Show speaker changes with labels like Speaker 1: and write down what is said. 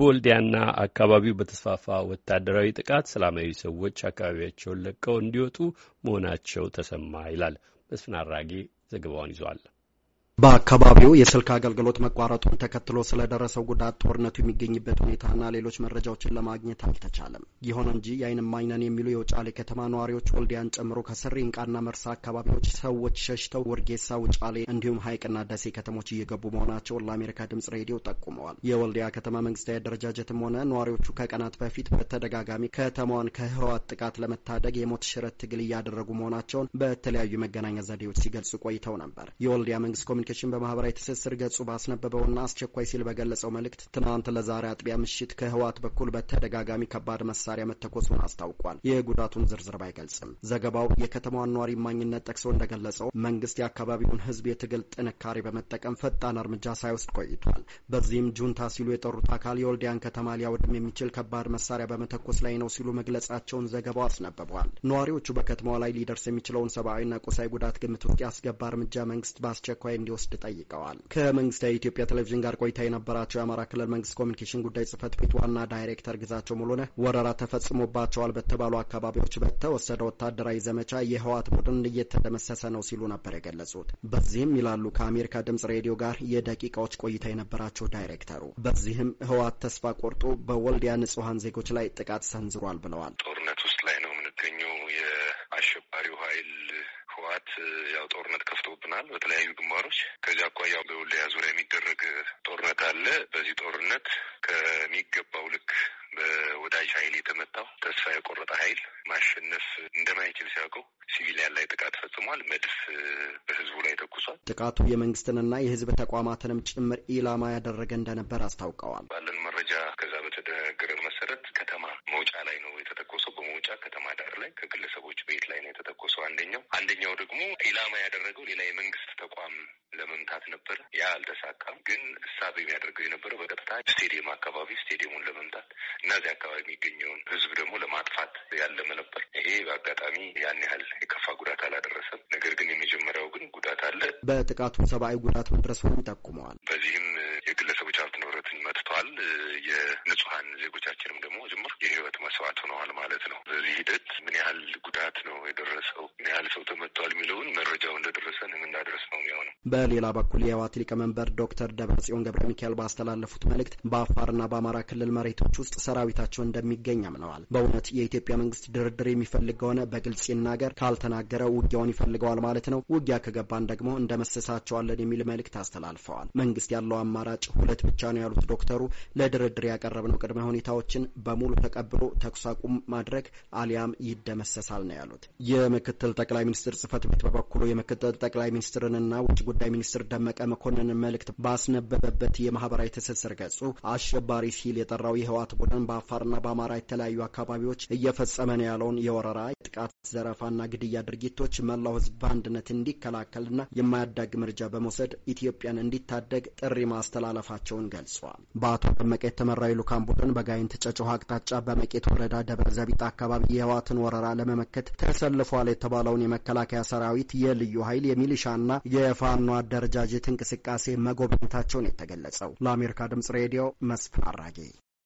Speaker 1: በወልዲያና አካባቢው በተስፋፋ ወታደራዊ ጥቃት ሰላማዊ ሰዎች አካባቢያቸውን ለቀው እንዲወጡ መሆናቸው ተሰማ ይላል። መስፍን አራጌ ዘገባውን ይዟል። በአካባቢው የስልክ አገልግሎት መቋረጡን ተከትሎ ስለደረሰው ጉዳት ጦርነቱ የሚገኝበት ሁኔታና ሌሎች መረጃዎችን ለማግኘት አልተቻለም። ይሁን እንጂ የአይን ማይነን የሚሉ የውጫሌ ከተማ ነዋሪዎች ወልዲያን ጨምሮ ከስሪ እንቃና መርሳ አካባቢዎች ሰዎች ሸሽተው ወርጌሳ፣ ውጫሌ እንዲሁም ሀይቅና ደሴ ከተሞች እየገቡ መሆናቸውን ለአሜሪካ ድምጽ ሬዲዮ ጠቁመዋል። የወልዲያ ከተማ መንግስታዊ አደረጃጀትም ሆነ ነዋሪዎቹ ከቀናት በፊት በተደጋጋሚ ከተማዋን ከህወሓት ጥቃት ለመታደግ የሞት ሽረት ትግል እያደረጉ መሆናቸውን በተለያዩ መገናኛ ዘዴዎች ሲገልጹ ቆይተው ነበር። የወልዲያ መንግስት ኮሚኒኬሽን በማህበራዊ ትስስር ገጹ ባስነበበውና አስቸኳይ ሲል በገለጸው መልእክት ትናንት ለዛሬ አጥቢያ ምሽት ከህወሓት በኩል በተደጋጋሚ ከባድ መሳሪያ መተኮሱን አስታውቋል። የጉዳቱን ዝርዝር ባይገልጽም ዘገባው የከተማዋን ነዋሪ ማኝነት ጠቅሶ እንደገለጸው መንግስት የአካባቢውን ህዝብ የትግል ጥንካሬ በመጠቀም ፈጣን እርምጃ ሳይወስድ ቆይቷል። በዚህም ጁንታ ሲሉ የጠሩት አካል የወልዲያን ከተማ ሊያውድም የሚችል ከባድ መሳሪያ በመተኮስ ላይ ነው ሲሉ መግለጻቸውን ዘገባው አስነብቧል። ነዋሪዎቹ በከተማዋ ላይ ሊደርስ የሚችለውን ሰብአዊና ቁሳዊ ጉዳት ግምት ውስጥ ያስገባ እርምጃ መንግስት በአስቸኳይ እንዲወ እንዲወስድ ጠይቀዋል። ከመንግስታዊ የኢትዮጵያ ቴሌቪዥን ጋር ቆይታ የነበራቸው የአማራ ክልል መንግስት ኮሚኒኬሽን ጉዳይ ጽህፈት ቤት ዋና ዳይሬክተር ግዛቸው ሙሉነ ወረራ ተፈጽሞባቸዋል በተባሉ አካባቢዎች በተወሰደ ወታደራዊ ዘመቻ የህወሓት ቡድን እየተደመሰሰ ነው ሲሉ ነበር የገለጹት። በዚህም ይላሉ ከአሜሪካ ድምጽ ሬዲዮ ጋር የደቂቃዎች ቆይታ የነበራቸው ዳይሬክተሩ በዚህም ህወሓት ተስፋ ቆርጦ በወልዲያ ንጹሐን ዜጎች ላይ ጥቃት ሰንዝሯል ብለዋል።
Speaker 2: ጦርነት ውስጥ ያው ጦርነት ከፍቶብናል በተለያዩ ግንባሮች። ከዚህ አኳያ በወልዲያ ዙሪያ የሚደረግ ጦርነት አለ። በዚህ ጦርነት ከሚገባው ልክ በወዳጅ ኃይል የተመታው ተስፋ የቆረጠ ኃይል ማሸነፍ እንደማይችል ሲያውቀው ሲቪሊያን ላይ ጥቃት ፈጽሟል። መድፍ
Speaker 1: በህዝቡ ላይ ተኩሷል። ጥቃቱ የመንግስትንና የህዝብ ተቋማትንም ጭምር ኢላማ ያደረገ እንደነበር አስታውቀዋል።
Speaker 2: ከግለሰቦች ቤት ላይ ነው የተተኮሰው አንደኛው። አንደኛው ደግሞ ኢላማ ያደረገው ሌላ የመንግስት ተቋም ለመምታት ነበረ። ያ አልተሳካም። ግን እሳቤ የሚያደርገው የነበረው በቀጥታ ስቴዲየም አካባቢ ስቴዲየሙን ለመምታት እና አካባቢ የሚገኘውን ህዝብ ደግሞ ለማጥፋት ያለመ ነበር። ይሄ በአጋጣሚ ያን ያህል የከፋ ጉዳት አላደረሰም። ነገር ግን የመጀመሪያው ግን ጉዳት አለ።
Speaker 1: በጥቃቱ ሰብአዊ ጉዳት መድረሱን ጠቁመዋል። በዚህም
Speaker 2: የንጹሀን ዜጎቻችንም ደግሞ ጭምር የህይወት መስዋዕት ሆነዋል ማለት ነው። በዚህ ሂደት ምን ያህል ጉዳት ነው የደረሰው፣ ምን ያህል ሰው ተመቷል የሚለውን መረጃው እንደደረሰን የምናደርስ
Speaker 1: ነው የሚሆነው። በሌላ በኩል የህወሓት ሊቀመንበር ዶክተር ደብረጽዮን ገብረ ሚካኤል ባስተላለፉት መልእክት በአፋርና በአማራ ክልል መሬቶች ውስጥ ሰራዊታቸው እንደሚገኝ አምነዋል። በእውነት የኢትዮጵያ መንግስት ድርድር የሚፈልግ ከሆነ በግልጽ ይናገር፣ ካልተናገረ ውጊያውን ይፈልገዋል ማለት ነው። ውጊያ ከገባን ደግሞ እንደመሰሳቸዋለን የሚል መልእክት አስተላልፈዋል። መንግስት ያለው አማራጭ ሁለት ብቻ ነው ያሉት ዶክተሩ ለድርድር ያቀረብነው ቅድመ ሁኔታዎችን በሙሉ ተቀብሎ ተኩስ አቁም ማድረግ አሊያም ይደመሰሳል ነው ያሉት። የምክትል ጠቅላይ ሚኒስትር ጽህፈት ቤት በበኩሉ የምክትል ጠቅላይ ሚኒስትርንና ውጭ ጉዳይ ሚኒስትር ደመቀ መኮንንን መልእክት ባስነበበበት የማህበራዊ ትስስር ገጹ አሸባሪ ሲል የጠራው የህወሓት ቡድን በአፋርና በአማራ የተለያዩ አካባቢዎች እየፈጸመ ነው ያለውን የወረራ ጥቃት፣ ዘረፋና ግድያ ድርጊቶች መላው ህዝብ በአንድነት እንዲከላከልና የማያዳግም እርምጃ በመውሰድ ኢትዮጵያን እንዲታደግ ጥሪ ማስተላለፋቸውን ገልጿል። በአቶ እየተጠመቀ የተመራው የልኡካን ቡድን በጋይንት ጨጮ አቅጣጫ በመቄት ወረዳ ደብረ ዘቢጥ አካባቢ የህወሓትን ወረራ ለመመከት ተሰልፏል የተባለውን የመከላከያ ሰራዊት የልዩ ኃይል የሚሊሻና የፋኖ አደረጃጀት እንቅስቃሴ መጎብኘታቸውን የተገለጸው። ለአሜሪካ ድምጽ ሬዲዮ መስፍን አራጌ